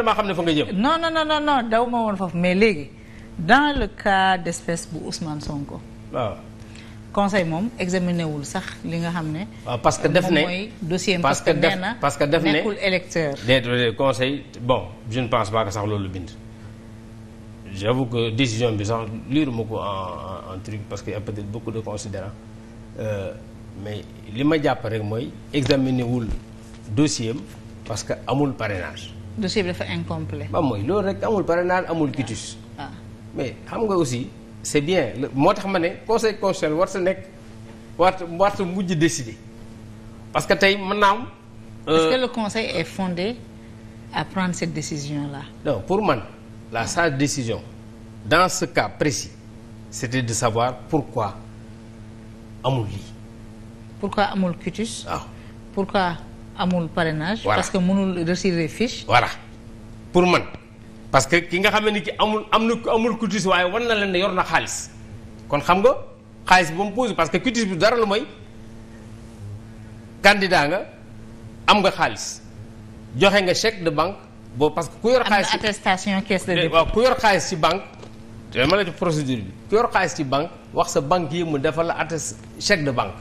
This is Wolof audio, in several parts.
dama xam ne fa nga jëm. non non non non daw ma woon foofu mais léegi dans le cas d' espèce bu Ousmane Sonko. waaw. conseil moom examiné wul sax li nga xam ne. waaw parce que def ne mooy dossier parce que def parce que def ne nekkul électeur. déedéet conseil bon je ne pense pas que sax loolu bind. j'avoue que décision bi sax liiruma ko en en truc parce que y a peut-être beaucoup de considérants euh, mais li ma jàpp rek mooy examiner wul dossier am parce que amul parrainage. dossier bi dafa incomplet. ba mooy loolu rek amul parrainage amul quitus. Ah. mais xam nga aussi c' est bien moo tax ma ne conseil constitutionnel war sa nekk war war sa mujj décider parce que tey man naa am. Euh, est-ce que le à prendre cette décision là. non pour man la ah. sage décision dans ce cas précis c' de savoir pourquoi amul lii. pourquoi amul quitus. waaw ah. pourquoi. amul parrainage. Voilà. parce que mënul retirer fiche. voilà pour man parce que ki nga xam ne ki amul am na amul cutis waaye war na leen ne yor na xaalis kon xam nga xaalis ba mu posé parce que cutis bi dara lu mooy candidat nga am nga xaalis joxe nga chèque de banque boo parce que ku yor. xaalis am na eh, ci banque. te ma la ci procédure bi ku yor xaalis ci banque wax sa banque yi mu defal la attest chèque de banque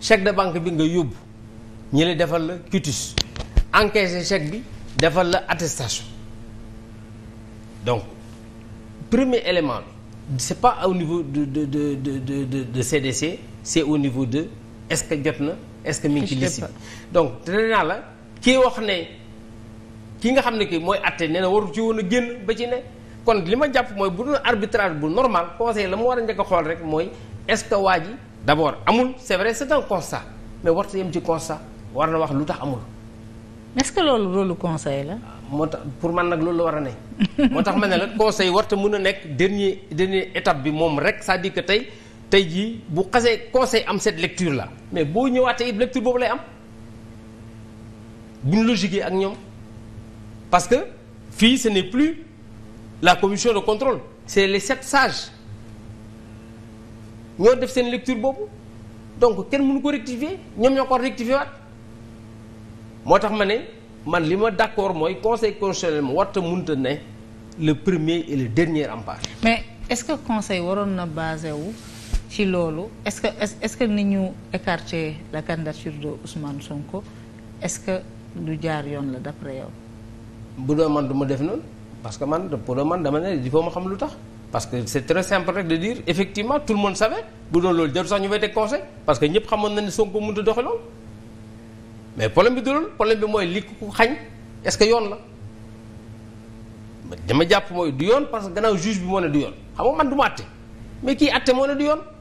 chèque de banque bi nga yóbbu. ñi li defal la quitus encaissé chèque bi defal la attestation donc premier élément bi c'est pas au niveau de de de de de de CDC c'est au niveau de est-ce que jot na est-ce que mi ngi ci liste bi donc nee naa la ki wax ne ki nga xam ne kii mooy atte ne na waru ci woon a génn ba ci ne kon li ma jàpp mooy bu doon arbitrage bu normal conseil la mu war a njëkk a xool rek mooy est-ce que waa ji d'abord amul c'est vrai c'est un constat mais warta yem ci constat war na wax lu tax amul. est-ce que loolu loolu conseil la. moo tax pour man nag loolu la war a ne. moo tax ma ne la conseil te mun a nekk dernier dernier état bi moom rek sa à dire tey tey jii bu xasee conseil am cette lecture là mais boo ñëwaatee it lecture boobu lay am buñ logique ak ñoom parce que fii ce n'est plus la commission de contrôle c'est les sept sage ñoo def seen lecture boobu donc kenn mënu ko rectifier ñoom ñoo ko rectifier waat. moo tax ma ne man li ma d'accord mooy conseil constitutionnel mu warta munta ne le premier et le dernier rempart mais est que conseil waroon na basé wu ci loolu est-ce que est-ce que ni ñu écarté la candidature de Ousmane Sonko est-ce que du jaar yoon la d'après yow. bu doon man du ma def noonu parce que man pour doon dama ne il faut ma xam lu tax parce que c'est très simple rek de dire effectivement tout le monde savait bu doon loolu jarul sax ñu wetee conseil parce que ñëpp xamoon na ne Sonko mais problème bi du loolu problème bi mooy li ko xañ est ce que yoon la dama jàpp mooy du yoon parce que gannaaw juge bi moo ne du yoon xam nga man du ma àtte mais kii àtte moo ne du yoon